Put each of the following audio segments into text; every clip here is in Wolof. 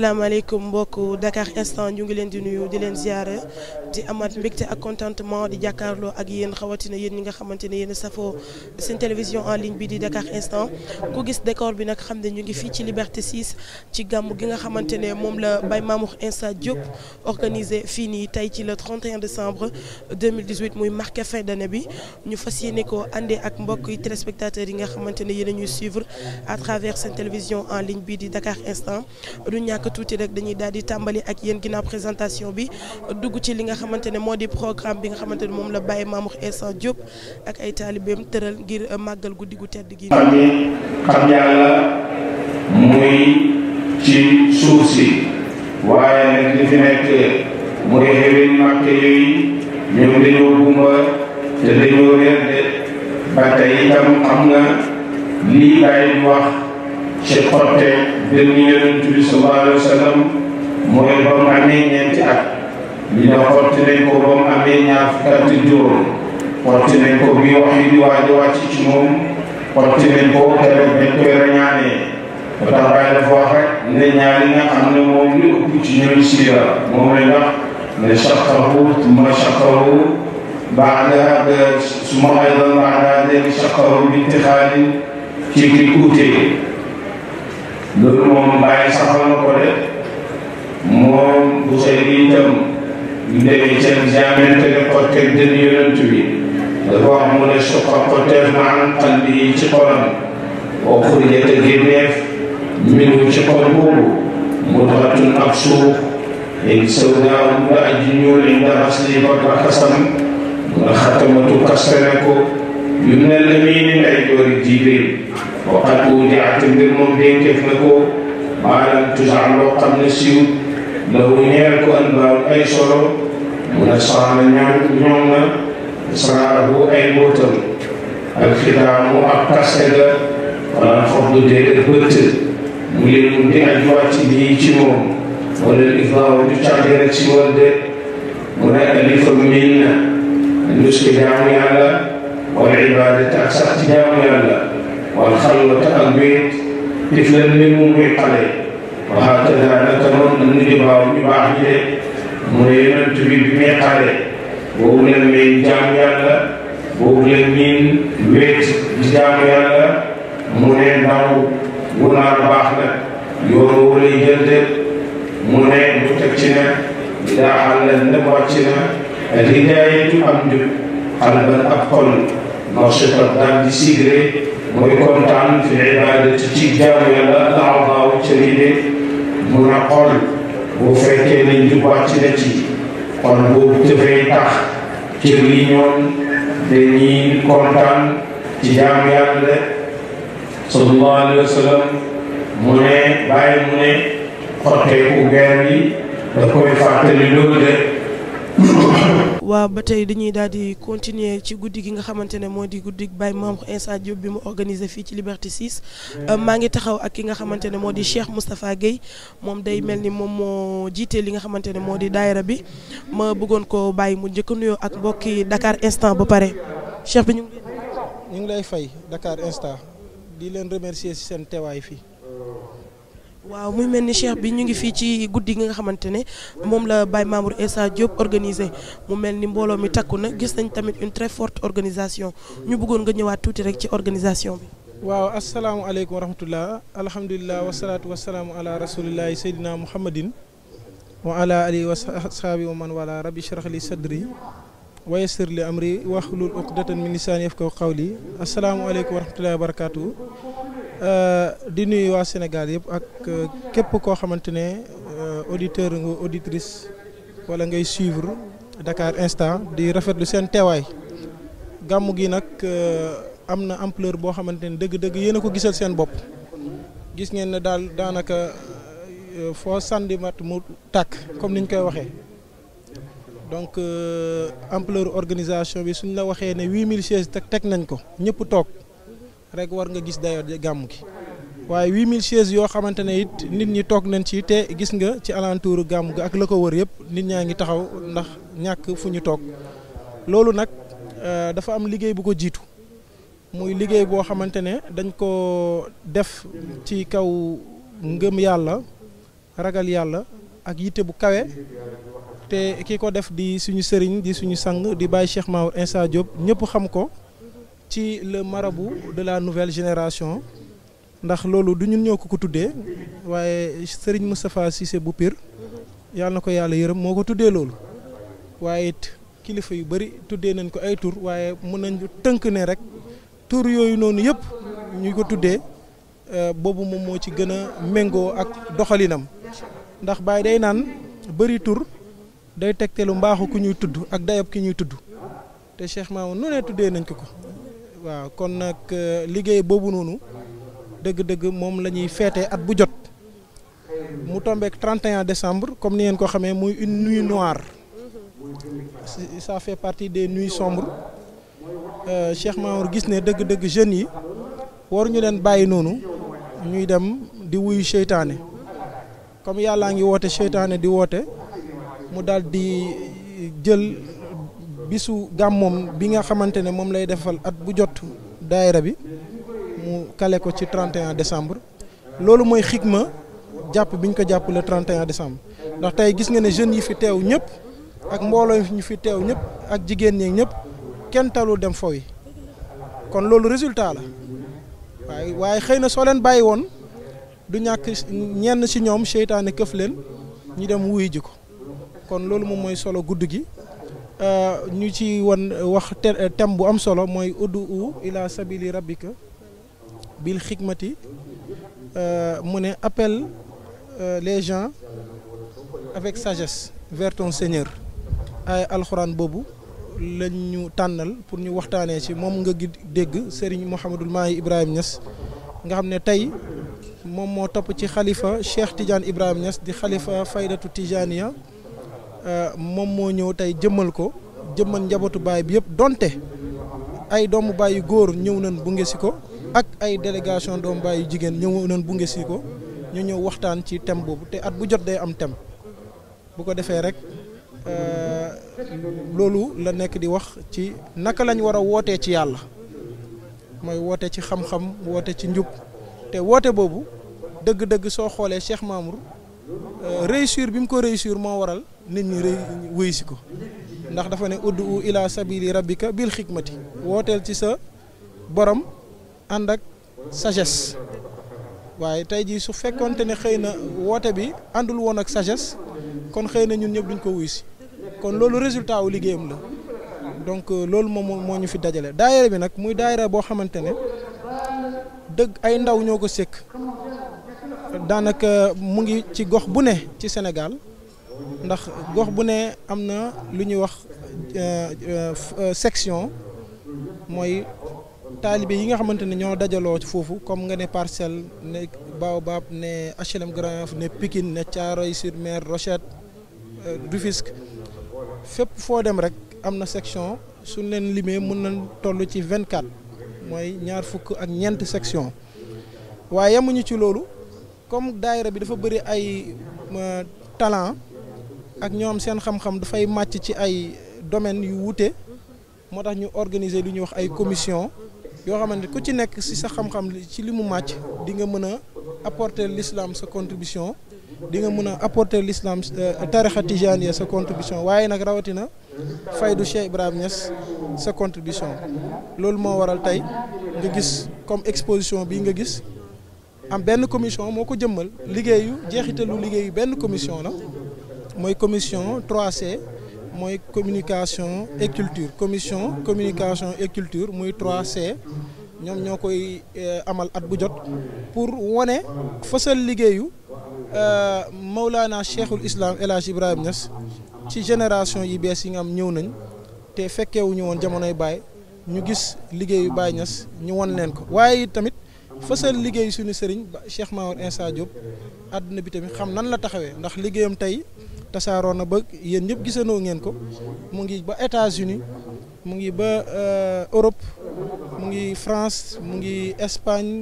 asalaamaaleykum mbokku Dakar instant ñu ngi leen di nuyu di leen ziaré di amat mbégte ak contentement di diakarlo ak yéen xawatina yeen ñi nga xamante ne yéen safoo télévision en ligne bi di Dakar instant ku gis décor bi nak xamné ñu ngi fi ci Liberté 6 ci gàmm gi nga xamante ne la bay Mamour Insa Diop organisé fini tay ci le 31 décembre 2018 muy marqué fin d'année bi ñu fas ko andé ak mbokk yi téléspectateurs yi nga xamante ne ñuy suivre à travers seen télévision en ligne bi di Dakar instant du ñak tuuti rek dañuy daal di tàmbali ak yéen ginnaaw présentation bi dugg ci li nga xamante ne moo di programme bi nga xamante ne moom la Baye Mamour Insa Diop ak ay taalibeem tëral ngir màggal guddi gu tedd gi. xam muy ci suuf si yooyu ñoom dañoo gumba te dañoo réer de ba tey itam xam lii Baye wax ci xotte. benn yonent bi sallallahu alayhi wa sallam mooy ba mu amee ñeenti at bi ñu xotti nañ ko ba mu amee ñaar fukki at ak juróom ko bi wax yi di waaj a wàcc ci moom xotti nañ ko keroog dañ koy rañaanee ba tax waaye dafa wax rek ne ñaari nga xam ne moom li ëpp ci ñooy siira moom lañ wax ne shaqahu ma shaqahu baada hada suma aydan baada hada shaqahu bi intixaalin ci ki kuutee loolu moom bàyyi saxal na ko de moom bu sey bi itam ñu demee seen jaamante ne xotteeg dënn yonent bi dafa wax mu ne suqa xotteef maanaam xal bi ci xolam boo xurijate génneef minu ci xol boobu mu doxatun ab suuf léegi saw daaw nga aji ñuul inda xasli bakra xasam mu nga xatamatu kastane ko yu ne la muy ni ngay doori jiibee وقد أودعت من بين كيف نقول ما لم تجعل وقت من السيوط لو نيرك أن باب أي شرم ونصرى من يوم يومنا إصراره أي موتم الختام أقصى ونفض دير بوت ولن دي أجوات دي تيمون وللإفضاء وتشعر تيمون دي ونأت ألف منا نسكي دعوني على والعبادة أكثر تدعوني على والخلوه البيت طفلا من مميق عليه وهكذا نتن من جبار مباحيه مريما تبيب ميق عليه بوغلا من جامع الله بوغلا من بيت جامع الله مريم داو ونار باحنا يورو لي جلد مريم متكشنا اذا حل النبوتشنا الهدايه الحمد قلبا افقل نشط الدم بسيجريت mooy kontan fi ibaadati ci jaamu yàlla al a'daaw cër yi de mun a xool bu fekkee ne njub wàcc na ci xol boobu dafay tax cër yi ñoom dañuy kontaan ci jaamu yàlla de sallallahu alayhi wa mu ne bàyyi mu ne xotteeku geer yi da koy fàttali loolu de waaw ba tey dañuy daal di continuer ci guddi gi nga xamante ne moo di guddi Baye ma Insa Diop bi mu organisé fii ci Liberté 6 euh, maa ngi taxaw ak ki nga xamante ne moo di Cheikh Moustapha Guèye moom day mel ni moom moo jiite li nga xamante ne moo di daayira bi ma bëggoon ko bàyyi mu njëkk nuyoo ak mbokki Dakar Instant ba pare Cheikh bi ñu ngi lay fay Dakar Instant di leen remercier ci seen teewaay fii waaw muy mel ni cheikh bi ñu ngi fii ci guddi nga xamante ne moom la Baye Mamour Essa Diop organisé mu mel ni mbooloo mi takku na gis nañ tamit une très forte organisation ñu bëggoon nga ñëwaat tuuti rek ci organisation bi. waaw asalaamualeykum wa rahmatullah alhamdulilah wasalaatu wasalaamu ala rasulillahi sayyidina muhammadin wa ala alihi wa sahaabi wa man wala rabbi shrah li sadri wa yassir li amri wahlul uqdatan min lisaani yafqahu qawli asalaamualeykum wa Euh, di nuyu waa Sénégal yëpp ak euh, képp koo xamante ne euh, auditeur nga auditrice wala ngay suivre Dakar Instant di rafetlu seen teewaay gàmmu gi nag am na ampleur boo xamante ne dëgg-dëgg yéen a ko gisal seen bopp gis ngeen ne daal daanaka foo sànni mat mu tàkk comme niñ koy waxee donc ampleur organisation bi suñ la waxee ne 8000 chaises teg teg nañ ko ñëpp toog. rek war nga gis dayoo gàmm gi waaye 8000 chaises yoo xamante ne it nit ñi tok nañ ci te gis nga ci alentour gàmm gi ak la ko wër yëpp nit ñaa ngi taxaw ndax ñàkk fu ñu toog nak nag euh, dafa am liggéey bu ko jiitu muy liggéey boo xamante dañ ko def ci kaw ngëm yàlla ragal yàlla ak yitte bu kawe te ki ko def di suñu sëriñ di suñu sang di Baye Cheikh Maour Insa Diop ñëpp xam ko ci le marabout de la nouvelle génération ndax lolu du ñun ñoko ko ko wayé Serigne Moustapha Cissé bu Pire yalla nako yalla yërem moko moo lolu wayé kilifa yu bari tuddee nañ ko ay tour wayé mën nañ tënk ne rek tour yoyu nonu yépp ñu ko tuddee euh, bobu mom mo ci gëna mengo ak doxalinam ndax bay day naan bari tour day tegtelu mbaaxu ku ñuy tuddu ak dayop ki ñuy tuddu té Cheikh Mamoun nu ne tuddee nañ ko ko waaw kon nag euh, liggéey boobu noonu dëgg-dëgg moom la ñuy feete at bu jot mu tombeek 31 décembre comme ni ngeen ko xamee muy une nuit noire ça fait partie des nuits sombres euh, Cheikh Mamour gis ne dëgg-dëgg jeunes yi waruñu leen bàyyi noonu ñuy dem di wuyu seytaane comme yàllaa ngi woote seytaane di woote mu dal di jël bisu gàmmoom bi nga xamante ne moom lay defal at bu jot daayira bi mu kale ko ci 31 décembre loolu mooy xikma jàpp bi ñu ko jàpp le 31 décembre ndax tey gis nga ne jeunes yi fi teew ñëpp ak mbooloo ñu fi teew ñëpp ak jigéen ñi ñëpp kenn talul dem fo kon loolu résultat la waaye waaye xëy na soo leen bàyyi woon du ñàkk ñenn ci ñoom seytaane këf leen ñu dem wuyu ji ko kon loolu moom mooy solo gudd gi. Euh, ñu ci wan euh, wax euh, thème bu am solo mooy udu ila sabili rabbika bil Hikmati. mu ne appelle les gens avec sagesse vers ton Seigneur ay Bobu, Bobu, lañ ñu tànnal pour ñu waxtaanee ci moom nga dégg Serigne Mouhamadul Mahi Ibrahim, Niass nga xam ne tey moom moo topp ci khalifa Cheikh Tidiane Ibrahim Niass di Khalifa faydatu Tijaniya Euh, moom moo ñëw tey jëmmal ko jëmmal njabootu baay bi yëpp donte ay doomu baay yu góor ñëw nañ bunge si ko ak ay délégation doomu baay yu jigéen ñëw nañ bunge si ko ñu ñëw waxtaan ci thème boobu te at bu jot day am thème bu ko defee rek euh, loolu la nekk di wax ci naka lañ war a wootee ci yàlla mooy woote ci xam-xam woote ci njub te woote boobu dëgg-dëgg soo xoolee Cheikh Mamour Euh, réussir bi mu ko réussir moo waral nit ñi ré wéy si ko ndax dafa ne uddu u ila sabili rabbika bil xikmati wooteel ci sa borom ànd ak sages waaye tey jii su fekkonte ne xëy na woote bi àndul woon ak sages kon xëy na ñun ñëpp duñ ko wuy si kon loolu résultat wu liggéeyam la donc euh, loolu moom moo ñu fi dajale daayira bi nag muy daayira boo xamante ne dëgg ay ndaw ñoo ko sékk daanaka mu ngi ci gox bu ne ci Sénégal ndax gox bu ne am na lu ñuy wax euh, euh, section mooy taalibe yi nga xamante ne ñoo dajaloo foofu comme nga ne parcelle ne Baobab ne HLM Grand ne Pikine ne Thiaroye-sur-Mer Rochette euh, Rufisque fépp foo dem rek am na section suñ leen limee mën na toll ci vingt-quatre mooy ñaar fukk ak ñeent section waaye yamuñu ci loolu comme daayira bi dafa bëri ay talent ak ñoom seen xam-xam dafay màcc ci ay domaine yu wuute moo tax ñu organiser lu ñuy wax ay commission yoo xamante ku ci nekk si sa xam-xam ci li mu màcc di nga mën a apporter l'islam sa contribution di nga mën a apporter l'islam euh, tarixa tijaaniya sa contribution waaye nag rawatina faydu Cheikh ibrahim Niass sa contribution loolu moo waral tey nga gis comme exposition bi nga gis am benn commission moko jëmmal ligéyu jéxitalu ligéyu benn commission la moy commission 3C moy communication et culture commission communication et culture moy 3C ñom ñokoy euh, amal at bu jot pour woné fessel ligéyu euh Mawlana Cheikhoul Islam El Hadj Ibrahim Niass ci génération yi bees yi nga ñëw nañ té te fekkewuñu won jamonoy bay ñu gis ligéyu bay Niass ñu won leen ko waaye tamit. fësal liggéey suñu sëriñ ba Cheikh Maour Insa Diop àdduna bi tamit xam nan la taxawee ndax liggéeyam tey tasaaroo na ba yéen ñëpp gisanoo ngeen ko mu ngi ba États-Unis mu ngi ba euh, Europe mu ngi France mu ngi Espagne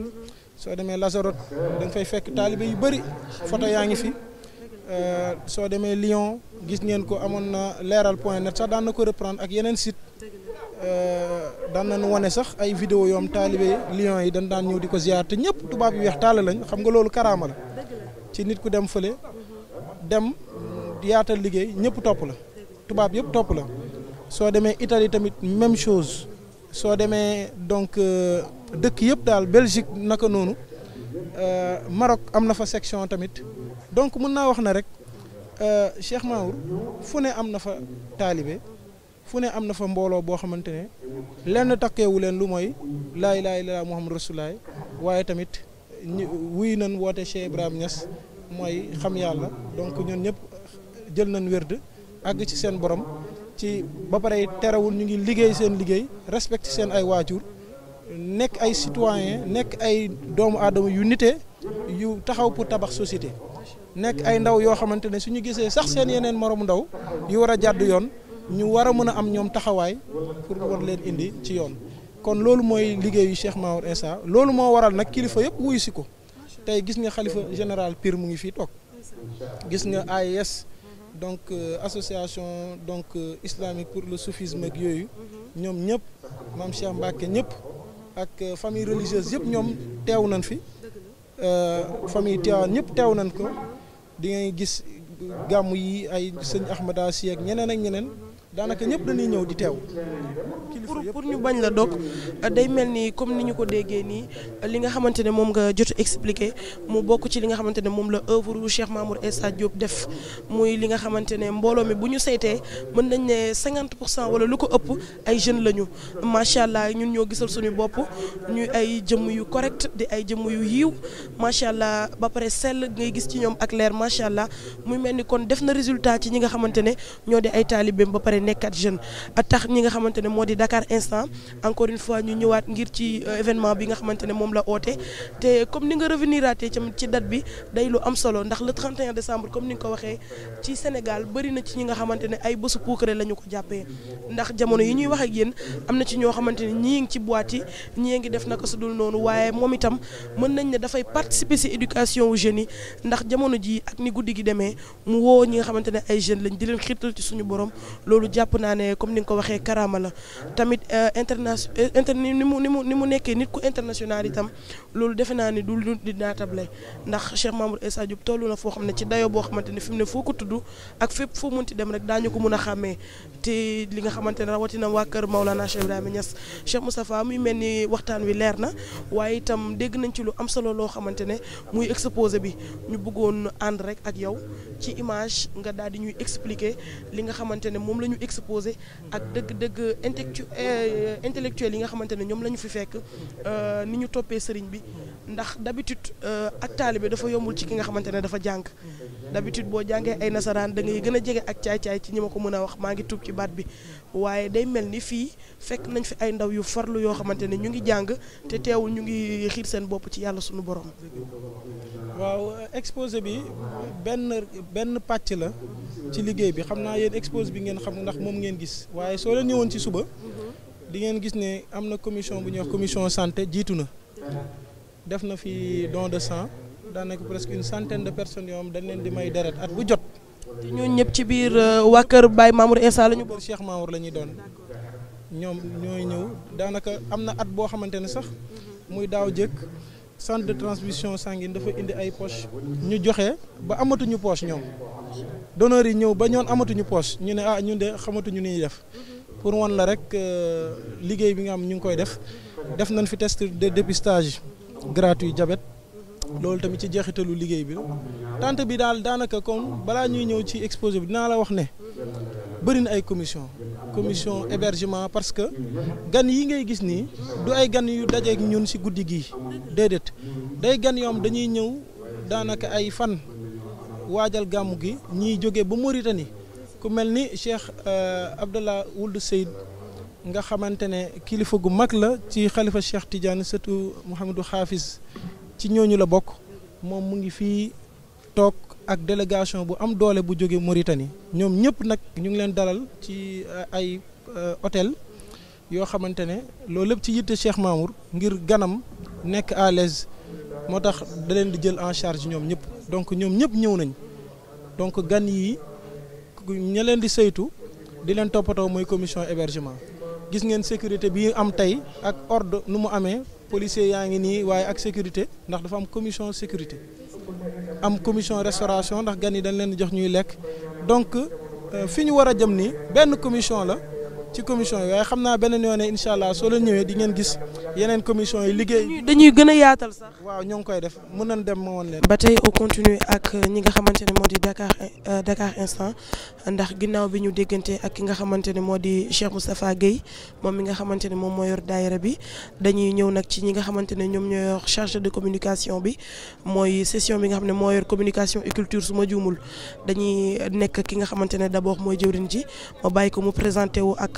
soo demee Lazareth da nga fay fekk taalibe yu bëri photo yaa ngi fi euh, soo demee Lyon gis ngeen ko amoon na leeral point net sax daan na ko reprendre ak yeneen site Euh, daan nu wane sax ay vidéo yoom taalibe Lions yi dañ daan ñëw di ko ziar te ñëpp tubaab yu weex taal lañ xam nga loolu karaama la ci nit ku dem fële dem yaatal liggéey ñëpp topp la tubaab yëpp topp la soo demee Italie tamit même chose soo demee donc euh, dëkk yëpp daal Belgique naka noonu euh, Maroc am na fa section tamit donc mun naa wax na rek Cheikh Mamour fu ne am na fa taalibe fu ne am na fa mbooloo boo xamante ne lenn takkeewu leen lu mooy laa ilaaha illallaah muhammadu waaye tamit ñu wuy nañ woote Cheikh Ibrahima Niass mooy xam yàlla donc ñun ñëpp jël nañ wérd àgg ci seen borom ci ba pare terewul ñu ngi liggéey seen liggéey respecté seen ay waajur nekk ay citoyen nekk ay doomu aadama yu nite yu taxaw pour tabax société nekk ay ndaw yoo xamante ne ñu gisee sax seen yeneen moroomu ndaw yu war a jàdd yoon Nous war am ñom taxaway pour war leen indi ci yoon kon lolu moy liggéeyu Cheikh que? nous waral nak kilifa général Pire mu ngi donc euh, association donc euh, islamique pour le soufisme ak yoyu ñom ñëpp mam Cheikh Mbacke ñëpp ak euh, famille religieuse yëpp ñom nañ fi famille ñëpp nañ ko di ngay gis yi ay daanaka ñëpp dañuy ñëw di teew. pour pour ñu bañ la dog day mel ni comme ni ñu ko déggee nii li nga xamante ne moom nga jot expliquer mu bokk ci li nga xamante ne moom la œuvre u Cheikh Mamour Essa Diop def muy li nga xamante ne mbooloo mi bu ñu saytee mën nañ ne 50 pour cent wala lu ko ëpp ay jeunes lañu macha allah ñun ñoo gisal suñu bopp ñu ay jëm yu correct di ay jëmm yu yiw macha allah ba pare sell ngay gis ci ñoom ak leer macha allah muy mel ni kon def na résultat ci ñi nga xamante ne ñoo di ay taalibeem ba pare pare nekkat jeune tax ñi nga xamante ne moo di Dakar instant encore une fois ñu ñëwaat ngir ci euh, événement bi nga xamante ne moom la oote te comme ni nga reveniraate aatee ci date bi day lu am solo ndax le 31 décembre comme ni nga ko waxee ci Sénégal bëri na ci ñi nga xamante ne ay bésu puukare la ñu ko jàppee ndax jamono yi ñuy wax ak am na ci ñoo xamante ne ñii ngi ci boîte yi ñii ngi def naka su dul noonu waaye moom itam mën nañ ne dafay participer ci éducation yi ndax jamono ji ak ni guddi gi demee mu woo ñi nga xamante ne ay jeunes lañ di leen xiirtal ci suñu borom loolu jàpp naa ne comme ni nga ko waxee karaama la tamit euh, interna euh, inter ni mu ni mu ni mu nekkee nit ku international itam loolu defe naa ni du di naatable ndax Cheikh Mamour Essa tollu na foo xam ne ci dayoo boo xamante ne fi ne foo ko tudd ak fépp foo mënti dem rek daañu ko mën a xàmmee te li nga xamante ne rawatina waa kër Maolana Cheikh Ibrahima Niass Cheikh Moustapha muy mel ni waxtaan wi leer na waaye itam dégg nañ ci lu am solo loo xamante ne muy exposé bi ñu bëggoon ànd rek ak yow ci image nga daal di exposé ak dëgg-dëgg intellectu euh, intellectuel yi nga xamante ne ñoom lañu fi fekk euh, ni ñu toppee sëriñ bi ndax d'habitude euh, ak taalibe dafa yombul ci ki nga xamante ne dafa jàng dabitude boo jàngee ay nasaraan dangay ngay gën a jege ak caay-caay ci ñi ma ko mën a wax maa ngi tuub ci baat bi waaye day mel ni fii fekk nañ fi ay ndaw yu farlu yoo xamante ne ñu ngi jàng te teewul ñu ngi xiir seen bopp ci yàlla suñu borom. waaw exposé bi benn benn pàcc la ci liggéey bi xam naa ndax moom ngeen gis waaye soo leen ñëwoon ci suba di ngeen gis ne am na commission bu ñuy wax commission santé jiitu na def na fi don de sang daanaka presque une centaine de personnes yoo xam leen di may deret at bu jot. te ñëpp ci biir euh, waa kër baay Mamour Insa la ñu bokk. Cheikh Mamour la ñuy doon ñoom ñooy ñëw daanaka am na at boo xamante ne sax muy daaw jëkk. centre de transmission sanguine dafa indi ay poche ñu joxé ba amatu ñu poche ñom donneurs yi ñëw ba ñoon amatu ñu poche ñu ne ah ñun de ñu ni def pour won la rek euh, liggéey bi nga am ñu koy def def nañ fi test de dépistage gratuit diabète lolou tamit ci jeexitalu liggéey bi tante bi dal danaka comme bala ñuy ñëw ci exposé bi dinaa la wax né bëri ay commission commission hébergement parce que gan yi ngay gis nii du ay gan yu dajeek ñun ci guddi gi déedéet day gan yoom dañuy ñëw daanaka ay fan waajal gàmmu gi ñiy jóge ba Mauritanie ku mel ni Cheikh euh, Abdallah Wuld Seyd nga xamante ne kilifa gu mag la ci xalifa Cheikh Tidiane surtout Mouhamadou Hafiz ci ñooñu la bokk moom mu ngi fii toog ak délégation bu am doole bu jóge Mauritanie ñoom ñëpp nag ñu ngi leen dalal ci euh, ay euh, hôtel yoo xamante ne loolu lépp ci yitte Cheikh Mamour ngir ganam nekk à l'aise moo tax da leen di jël en charge ñoom ñëpp donc ñoom ñëpp ñëw nañ donc gan yi ña leen di saytu di leen toppatoo mooy commission hébergement gis ngeen sécurité bi am tey ak ordre nu mu amee policier yaa ngi nii waaye ak sécurité ndax dafa am commission sécurité am commission restauration ndax gan yi dañ leen jox ñuy lekk donc euh, fi ñu war a jëm ni benn commission la ci commission yi waaye xam naa beneen yoon incha allah soo leen ñëwee di ngeen gis yeneen commission yi liggéey. dañuy gën a yaatal sax. waaw ñoo ngi koy def mën nañ dem ma woon leen. ba tey on continue ak ñi nga xamante ne moo di Dakar euh, Dakar instant ndax ginnaaw bi ñu déggante ak ki nga xamante ne moo di Cheikh Moustapha Gueye moom mi nga xamante ne moom moo yor daayira bi dañuy ñëw nag ci ñi nga xamante ne ñoom ñoo yor chargé de communication bi mooy session bi nga xam ne moo yor communication et culture su ma juumul dañuy nekk ki nga xamante ne d'abord mooy jëwriñ ji ma bàyyi ko mu présenté wu ak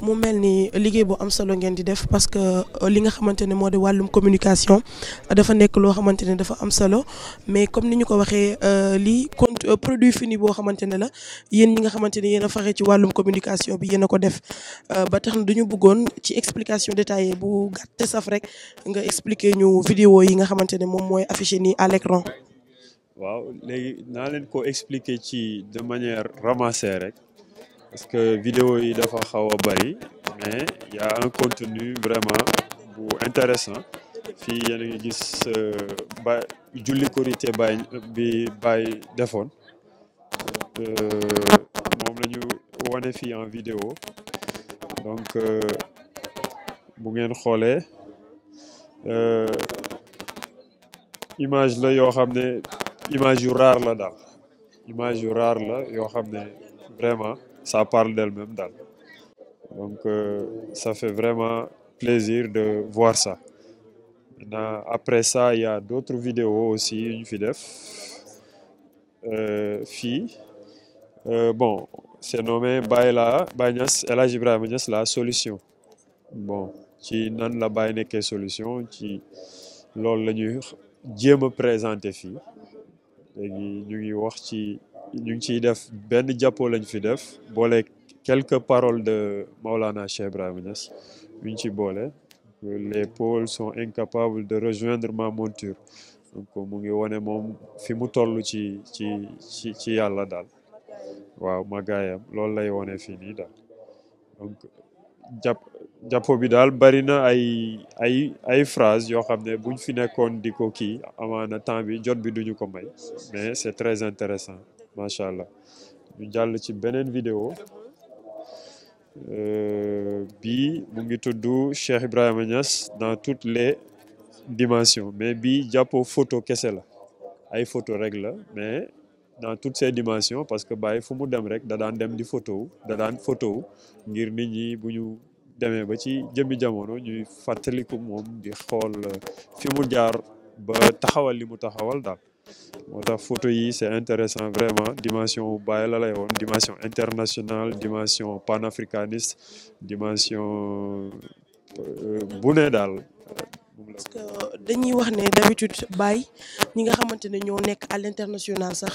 mu mel ni liggéey bu am solo ngeen di def parce que euh, li nga xamante ne moo di wàllum communication dafa nekk loo xamante ne dafa am solo mais comme ni ñu ko waxee euh, lii compte euh, produit fini boo xamante ne la yéen ñi nga xamante ne yéen a faxe ci wàllum communication bi yéen a ko def ba tax na du ñu ci explication détaillée bu gàtte saf rek nga expliquer ñu vidéo yi nga xamante ne moom mooy affiché nii à l'écran waaw léegi naa leen ko expliquer ci de manière ramassée rek parce que vidéo yi dafa xawa a mais mais y a un contenu vraiment bu intéressant fi yene ngi gis euh, ba julli korité baay bi baay defone euh mom lañu wane fi en vidéo donc euh, bu ngeen euh image la yo xamné ne image yu raar la images image yu raar la yoo xam vraiment ça parle d'elle-même donc euh, ça fait vraiment plaisir de voir ça après ça il y a d'autres vidéos aussi une fille. Euh, fille euh, bon c'est nommé baila la El la solution bon qui n'a la de solution qui loolu la Dieu dieu me présente filles ñu ngi ñu ngi def quelques paroles de Maulana Cheikh les pôles sont incapables de rejoindre ma monture donc ngi suis un fi mu ci ci ci Waouh, ma lay un donc bi dal bari ay ay ay phrase yo j'ai buñ fi qui diko temps bi jot bi duñu mais c'est très intéressant macha allah ñu jàll ci beneen vidéo euh, Bi, mu ngi tudd Cheikh Ibrahima Niass dans toutes les dimensions mais bi jàppoo photo kese la ay photo rek la mais dans toutes ces dimensions parce que bay fu mu dem rek da dan dem di photo da dan photo ngir nit ñi bu ñu demee ba ci jëmmi jamono ñuy ko mom di xol fi mu jaar ba taxawal li mu taxawal daal moo tax photo yi c'est intéressant vraiment dimension bu Baye la lay woon dimension internationale dimension panafricaniste dimension euh, bu dal daal parce que dañuy wax né d'habitude Baye ñi nga xamante ne ñoo nekk à l'international sax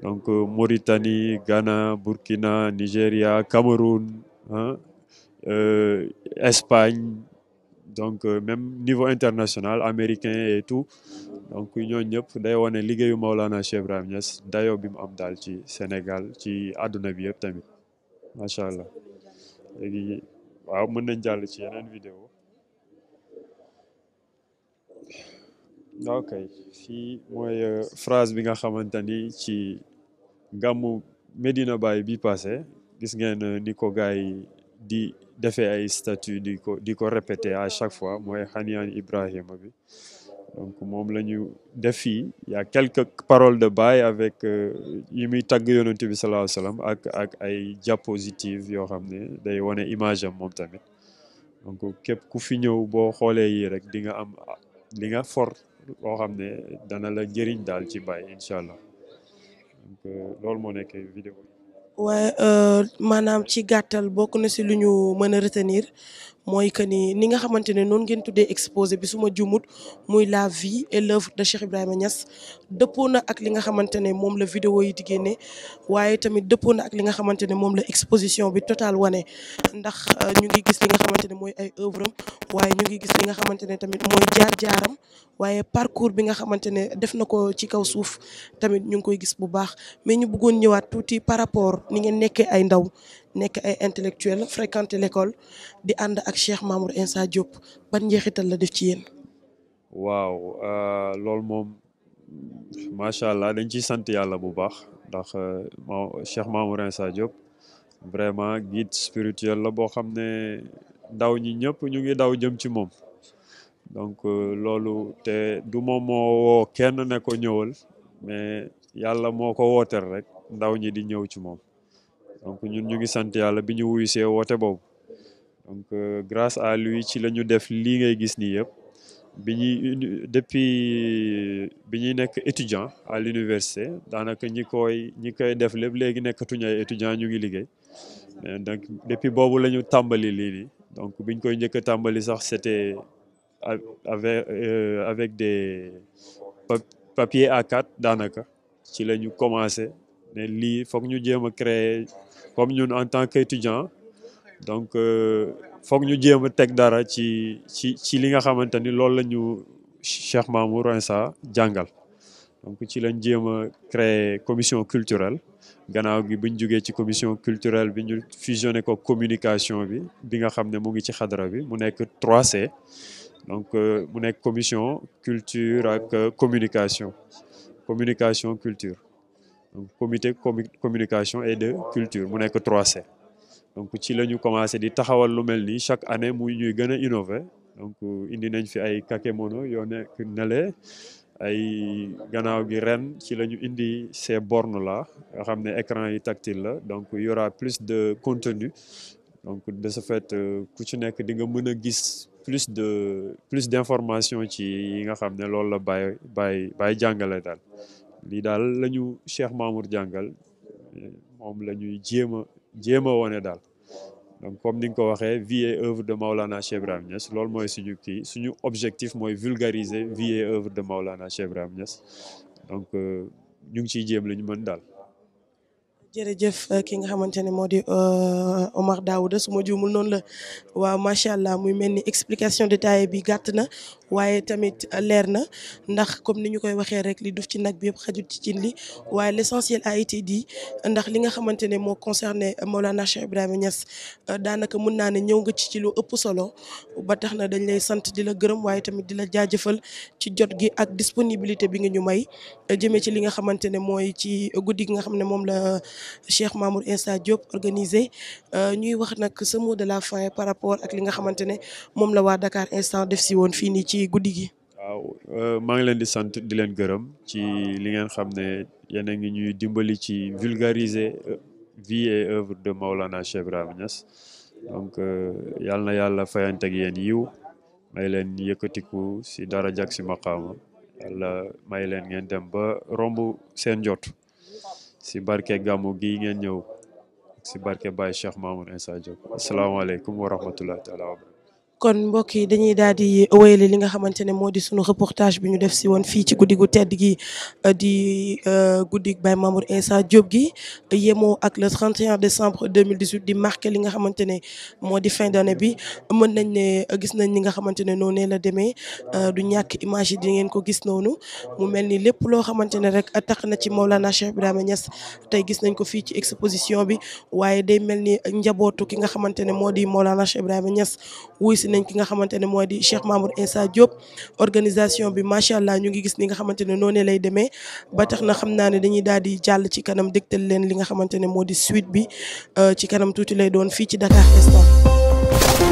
donc euh, Mauritanie Ghana Burkina Nigeria Cameroun hein, euh, Espagne donc euh, même niveau international américain et tout donc ñooñu ñëpp day wane ont Maolana Cheikh Ibrahim Niass dayoo bi mu am daal ci Sénégal ci àdduna bi yëpp tamit macha allah léegi waaw mën nañ ci vidéo ok Si une euh, phrase bi nga xamante ci gàmmu Medina bay bi passé gis ngeen euh, ni ko gars di defee ay statue di ko di ko répété à chaque fois moy Xaniyaan ibrahim bi donc mom lañu ñu def fii y a quelques paroles de bay avec euh, yi muy tagg yonent bi salaahu salaam ak ak ay diapositives yo xamné day woné image am mom tamit donc kep ku fi ñew bo xolé yi rek di nga am li ah, nga for lo xamné ne dana la jëriñ dal ci bay inshallah donc loolu moo nekkee vidéo yi. waaye euh, maanaam ci gàttal bokk na si lu ñu mën a retenir mooy que ni ni nga xamante ne noonu ngeen tuddee exposé bi suma ma jumut muy la vie et l'œuvre de Cheikh Ibrahima Niass dëppoo na ak li nga xamante ne moom la vidéo yi di génne waaye tamit dëppoo na ak li nga xamante ne moom la exposition bi total wane ndax euh, ñu ngi gis li nga xamante ne mooy ay œuvre am waaye ñu ngi gis li nga xamante ne tamit mooy jaar-jaaram waaye parcours bi nga xamante ne def na ko ci kaw suuf tamit ñu ngi koy gis bu baax mais ñu buggoon ñëwaat tuuti par rapport ni ngeen nekkee ay ndaw nek ay intellectuel fréquenté l'école di ànd ak Cheikh Mamour Insa Diop ban njeexital la def ci yéen waaw euh, loolu moom macha allah dañ ciy sant yàlla bu baax ndax euh, Cheikh Mamour Insa Diop vraiment guide spirituel la boo ne ndaw ñi ñëpp ñu ngi daw jëm ci moom donc euh, loolu te du moom moo woo kenn ne ko ñëwal mais yàlla ko rek ndaw ñi di ñëw ci donc ñun ñu ngi sant yàlla bi ñu wuyu see woote boobu donc euh, grâce à lui ci la ñu def lii ngay gis nii yëpp bi ñuy depuis bi ñuy nekk étudiant à l'université daanaka ñi koy ñi koy def lépp léegi nekkatuñu ay étudiant ñu ngi liggéey donc depuis boobu la ñu tàmbali lii nii donc biñ koy njëkk a tàmbali sax c'était avec euh, avec des papiers A4 daanaka ci la ñu commencé ne lii foog ñu jéem a créer comme ñun en tant qu'étudiant donc euh, foog ñu jéem a teg dara ci ci ci li nga xamanteni ni loolu la ñu Cheikh Mamour Insa jangal donc ci lañu jéem créer commission culturelle gannaaw gi buñ joggé ci commission culturelle biñu fusionné ko communication bi bi nga xamné mo ngi ci xadra bi mu nekk 3C donc euh, mu nekk commission culture ak euh, communication communication culture donc comité communication et de culture mu 3C donc ci di taxawal lu chaque année muy ñuy innover donc euh, indi nañ fi ay kakemono ay gi ren ci indi ces bornes là nga écran tactile la donc y aura plus de contenu donc de ce fait euh, ku ci di nga plus de plus d'informations ci nga la lii daal lañu ñu Cheikh jàngal moom la ñuy jéem a jéem a wone daal donc comme ni nga ko waxee vie et œuvre de Maulana Cheikh Ibrahim Niass loolu mooy suñu kii suñu objectif mooy vulgariser vie et œuvre de Maulana Cheikh Ibrahim Niass donc euh, ñu ngi ciy jéem la ñu mën daal. jërëjëf euh, ki nga xamante moo di euh, Omar Daouda su ma juumul noonu la waaw macha allah muy mel ni explication détaillée bi gàtt na waaye tamit leer na ndax comme ni ñu koy waxee rek li duf ci nag bi yëpp xajul ci cin li waaye l'essentiel a été dit ndax li nga xamante ne moo concerné Maulana Ibrahima Niass euh, daanaka mun naa ne ñëw nga ci ci lu ëpp solo ba tax na dañ lay sant di la gërëm waaye tamit di la jaajëfal ci jot gi ak disponibilité bi nga ñu may euh, jëmee ci li nga xamante ne mooy ci guddi gi nga xam ne moom la euh, Cheikh Mamour Insa Diop organisé ñuy wax nag ce mot de la fin par rapport ak li nga xamante ne moom la waa Dakar Instant def si woon fii nii ci guddi gi. waaw euh, maa ngi leen di sant di leen gërëm ci li ngeen xam ne yéen a ngi ñuy dimbali ci vulgariser euh, vie et œuvre de Maulana Cheikh Ibrahima Niass donc euh, yal na yàlla fayanteeg yéen yiw may leen yëkkatiku si dara jag si maqaama yàlla may leen ngeen dem ba romb seen jot si barke gàmmu gi ngeen ñëw si barke Baye Cheikh Mamoun Insa Diop asalaamaaleykum wa rahmatulah taala kon mbokk yi dañuy daal di wéyale li nga xamante ne moo di sunu reportage bi ñu def si woon fii ci guddigu tedd gi euh, di euh, guddig Baye Mamour Insa Diop gi yemoo ak le 31 décembre 2018 di marqué li nga xamante ne moo di fin d'année bi mën nañ ne euh, gis nañ li nga xamante ne noonu la demee du ñàkk image yi di ngeen ko gis noonu mu mel ni lépp loo xamante ne rek tax na ci Maulana Cheikh Ibrahima Niass tey gis nañ ko fii ci exposition bi waaye day mel ni njabootu ki nga xamante ne moo di Maulana Cheikh Ibrahima Niass wuy nañ ki nga xamante ne mooy di Cheikh Mamour Insa Diop organisation bi macha allah ñu ngi gis ni nga xamante ne noonu lay demee ba tax na xam naa ne dañuy daal di jàll ci kanam dégtal leen li nga xamante ne moo di suite bi euh, ci kanam tuuti lay doon fii ci Dakar Instant.